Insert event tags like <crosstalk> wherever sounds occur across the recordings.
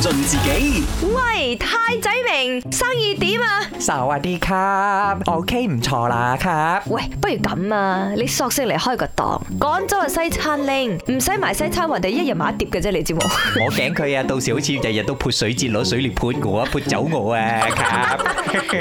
盡自己。喂，太仔明，生意點啊？瘦啲啲啦，OK 唔錯啦，吓。喂，不如咁啊，你索性嚟開個檔，廣州嘅西餐拎，唔使買西餐，人哋一日買一碟嘅啫，你知冇？我驚佢啊，到時好似日日都潑水節攞水嚟潑我，潑走我啊，吓！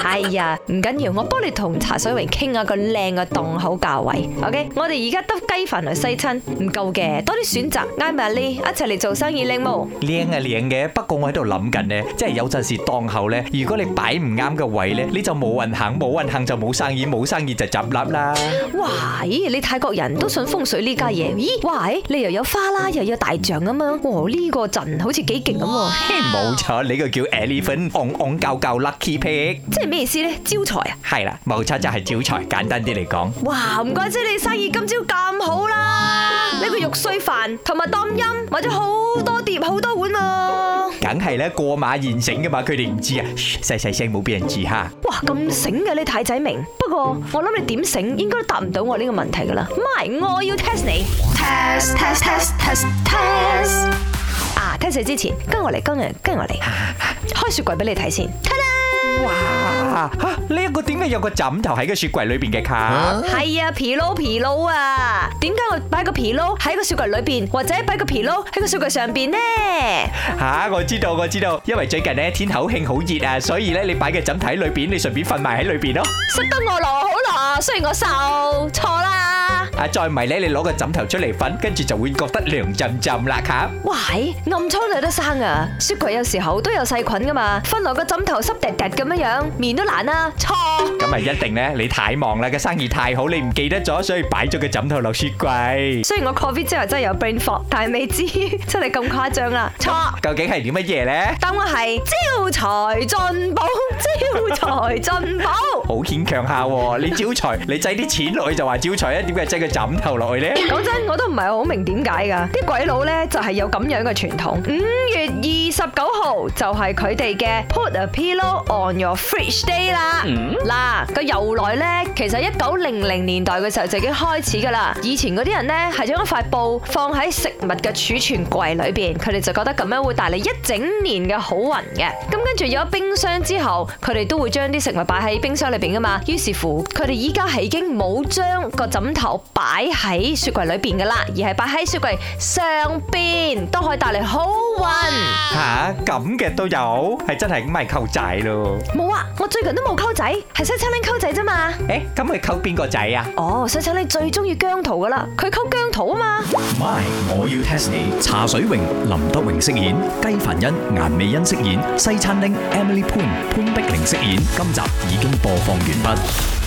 哎呀，唔緊要，我幫你同茶水榮傾下個靚嘅檔口價位，OK？我哋而家得雞飯嚟西餐，唔夠嘅，多啲選擇，挨埋你一齊嚟做生意靚冇？靚係靚嘅，不。我喺度諗緊咧，即係有陣時檔口咧，如果你擺唔啱個位咧，你就冇運行，冇運行就冇生意，冇生意就執笠啦。哇！咦，你泰國人都信風水呢家嘢？咦！喂，你又有花啦，又有，有大象啊嘛！哇！呢、這個陣好似幾勁咁喎。冇錯，你個叫 Elephant，旺旺夠夠 Lucky Pick，即係咩意思咧？招財啊？係啦，冇錯就係招財。簡單啲嚟講，哇！唔怪之你生意今朝咁好啦。你、這個肉碎飯同埋冬陰，買咗好多碟好多碗啊。梗係啦，過馬現醒噶嘛，佢哋唔知啊，細細聲冇俾人知吓、啊？哇，咁醒嘅你太仔明，不過我諗你點醒，應該答唔到我呢個問題噶啦。MY，我要 test 你。test test test test test 啊！test 之前，跟我嚟，跟人，跟我嚟， <laughs> 開雪櫃俾你睇先。Ta 啊！呢一個點解有個枕頭喺個雪櫃裏邊嘅卡？係啊，皮撈皮撈啊！點解我擺個皮撈喺個雪櫃裏邊，或者擺個皮撈喺個雪櫃上邊呢？吓，我知道，我知道，因為最近咧天口慶好熱啊，所以咧你擺個枕頭喺裏邊，你順便瞓埋喺裏邊咯。識得、啊啊、我羅好啦，雖然我瘦，錯啦。再唔係咧，你攞個枕頭出嚟瞓，跟住就會覺得涼浸浸啦吓。哇、啊，暗瘡有得生啊！雪櫃有時候都有細菌噶嘛，瞓落個枕頭濕滴滴咁樣樣，面都難啊，錯。咁咪一定咧，你太忙啦，個生意太好，你唔記得咗，所以擺咗個枕頭落雪櫃。雖然我 COVID 之後真係有 brain fog，但係未知 <laughs> 真係咁誇張啦，錯。究竟係點乜嘢咧？答案係招財進寶。招財進寶，好牽強下喎！你招財，你制啲錢落去就話招財啊？點解制個枕頭落去呢？講真，我都唔係好明點解噶，啲鬼佬呢，就係有咁樣嘅傳統。五月二十九號就係佢哋嘅 Put a pillow on your fridge day 啦。嗱個、嗯啊、由來呢，其實一九零零年代嘅時候就已經開始噶啦。以前嗰啲人，呢係將一塊布放喺食物嘅儲存櫃裏邊，佢哋就覺得咁樣會帶嚟一整年嘅好運嘅。咁跟住有咗冰箱之後，佢哋都會將啲食物擺喺冰箱裏邊噶嘛，於是乎佢哋依家係已經冇將個枕頭擺喺雪櫃裏邊噶啦，而係擺喺雪櫃上邊都可以帶嚟好運嚇咁嘅都有，係真係唔係溝仔咯？冇啊，我最近都冇溝仔，係西餐廳溝仔啫嘛。誒，咁佢溝邊個仔啊？哦，西餐廳最中意姜濤噶啦，佢溝姜濤啊嘛。My，我要 TEST 你。茶水榮，林德榮飾演，雞凡欣、顏美欣飾演，西餐廳 Emily Poon 潘碧玲。飾演，今集已經播放完畢。